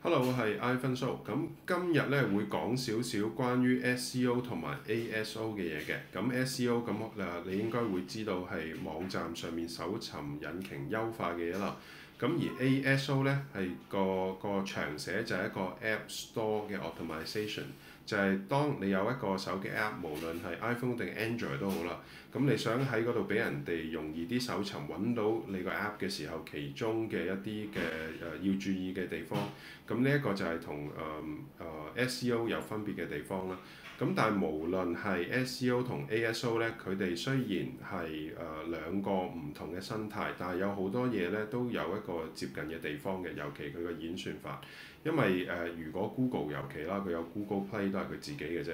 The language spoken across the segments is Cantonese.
Hello，我係 iPhone Show，咁今日咧會講少少關於 SEO 同埋 ASO 嘅嘢嘅，咁 SEO 咁誒你應該會知道係網站上面搜尋引擎優化嘅嘢啦。咁而 A S O 咧係個個長寫就係一個 App Store 嘅 Optimization，就係當你有一個手機 App，無論係 iPhone 定 Android 都好啦，咁你想喺嗰度俾人哋容易啲搜尋揾到你個 App 嘅時候，其中嘅一啲嘅誒要注意嘅地方，咁呢一個就係同誒誒 S E O 有分別嘅地方啦。咁但係無論係 S E O 同 A S O 咧，佢哋雖然係誒兩個唔同嘅生態，但係有好多嘢咧都有一個接近嘅地方嘅，尤其佢個演算法，因為誒、呃、如果 Google 尤其啦，佢有 Google Play 都係佢自己嘅啫。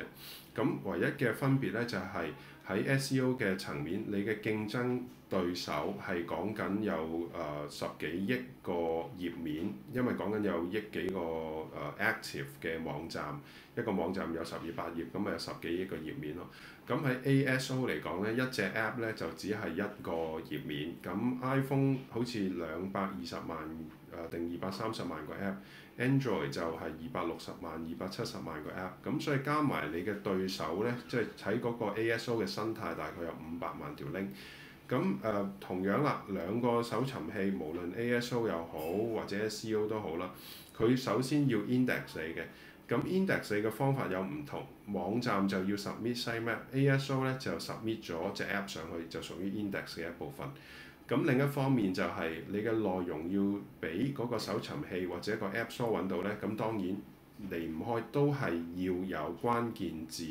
咁唯一嘅分別咧就係喺 SEO 嘅層面，你嘅競爭對手係講緊有誒十幾億個頁面，因為講緊有億幾個誒 active 嘅網站，一個網站有十二百頁，咁咪有十幾億個頁面咯。咁喺 ASO 嚟講咧，一隻 App 咧就只係一個頁面。咁 iPhone 好似兩百二十萬誒定二百三十萬個 App，Android 就係二百六十萬二百七十萬個 App，咁所以加埋你嘅對。手咧，即係睇嗰個 ASO 嘅生態，大概有五百萬條 link。咁誒、呃，同樣啦，兩個搜尋器無論 ASO 又好或者 SEO 都好啦，佢首先要 index 你嘅。咁 index 你嘅方法有唔同，網站就要 submit site map，ASO 咧就 submit 咗隻 app 上去，就屬於 index 嘅一部分。咁另一方面就係、是、你嘅內容要俾嗰個搜尋器或者個 app 所揾到咧，咁當然，離唔開，都係要有關鍵字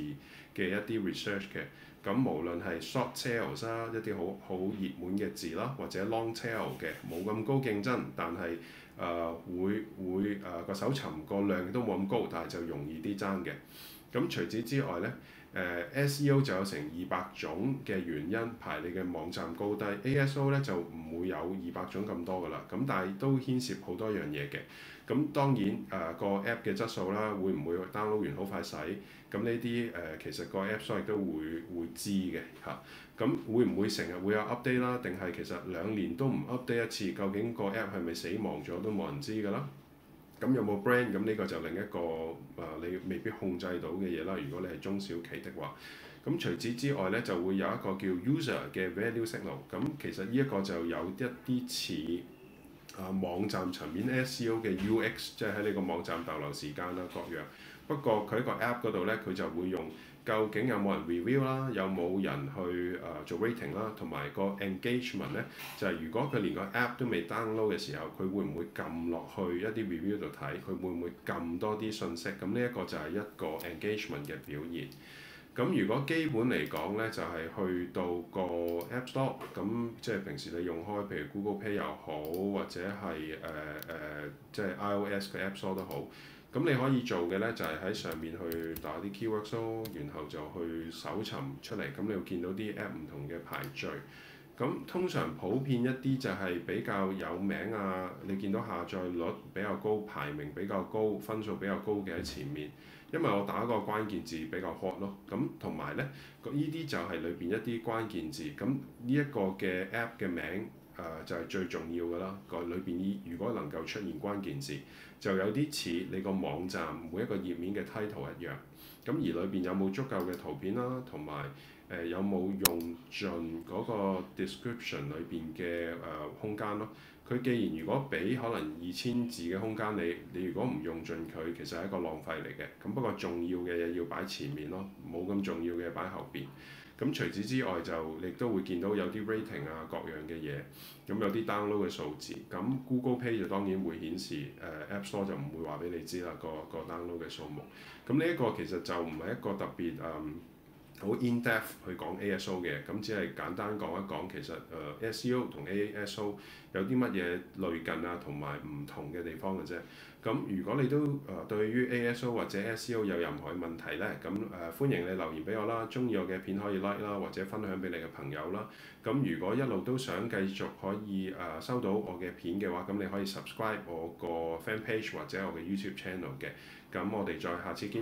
嘅一啲 research 嘅。咁無論係 short tail 啦，tails，一啲好好熱門嘅字啦，或者 long tail 嘅，冇咁高競爭，但係誒、呃、會會誒個搜尋個量都冇咁高，但係就容易啲爭嘅。咁除此之外咧。誒、uh, SEO 就有成二百種嘅原因排你嘅網站高低，ASO 咧就唔會有二百種咁多噶啦，咁但係都牽涉好多樣嘢嘅，咁當然誒、呃這個 App 嘅質素啦，會唔會 download 完好快洗，咁呢啲誒其實個 App 商亦都會會知嘅嚇，咁、啊、會唔會成日會有 update 啦？定係其實兩年都唔 update 一次，究竟個 App 係咪死亡咗都冇人知噶啦？咁有冇 brand？咁呢個就另一個啊、呃，你未必控制到嘅嘢啦。如果你係中小企的話，咁除此之外呢，就會有一個叫 user 嘅 value signal。咁其實呢一個就有一啲似啊網站層面 SEO 嘅 UX，即係喺呢個網站逗留時間啦，各樣。不過佢喺個 app 度呢，佢就會用。究竟有冇人 review 啦？有冇人去誒做 rating 啦？同埋個 engagement 咧，就係、是、如果佢連個 app 都未 download 嘅時候，佢會唔會撳落去一啲 review 度睇？佢會唔會撳多啲信息？咁呢一個就係一個 engagement 嘅表現。咁如果基本嚟講咧，就係、是、去到個 app store，咁即係平時你用開，譬如 Google Play 又好，或者係誒誒，即係 iOS 嘅 app store 都好。咁你可以做嘅咧，就係喺上面去打啲 keywords 咯，然後就去搜尋出嚟。咁你會見到啲 app 唔同嘅排序。咁通常普遍一啲就係比較有名啊，你見到下載率比較高、排名比較高、分數比較高嘅喺前面。因為我打個關鍵字比較 hot 咯。咁同埋咧，呢啲就係裏邊一啲關鍵字。咁呢一個嘅 app 嘅名。誒、啊、就係、是、最重要㗎啦，個裏邊如果能夠出現關鍵字，就有啲似你個網站每一個頁面嘅 title 一樣。咁而裏邊有冇足夠嘅圖片啦，啊，同埋。誒、呃、有冇用盡嗰個 description 裏邊嘅誒、呃、空間咯？佢既然如果俾可能二千字嘅空間你，你如果唔用盡佢，其實係一個浪費嚟嘅。咁不過重要嘅嘢要擺前面咯，冇咁重要嘅擺後邊。咁除此之外就亦都會見到有啲 rating 啊各樣嘅嘢，咁有啲 download 嘅數字。咁 Google Play 就當然會顯示，誒、呃、App Store 就唔會話俾你知啦，個個 download 嘅數目。咁呢一個其實就唔係一個特別誒。嗯好 in-depth 去講 ASO 嘅，咁只係簡單講一講，其實 a、呃、SEO 同 ASO 有啲乜嘢類近啊，同埋唔同嘅地方嘅啫。咁如果你都誒、呃、對於 ASO 或者 SEO 有任何問題咧，咁誒、呃、歡迎你留言俾我啦，中意我嘅片可以 like 啦，或者分享俾你嘅朋友啦。咁如果一路都想繼續可以誒、呃、收到我嘅片嘅話，咁你可以 subscribe 我個 fanpage 或者我嘅 YouTube channel 嘅。咁我哋再下次見啦。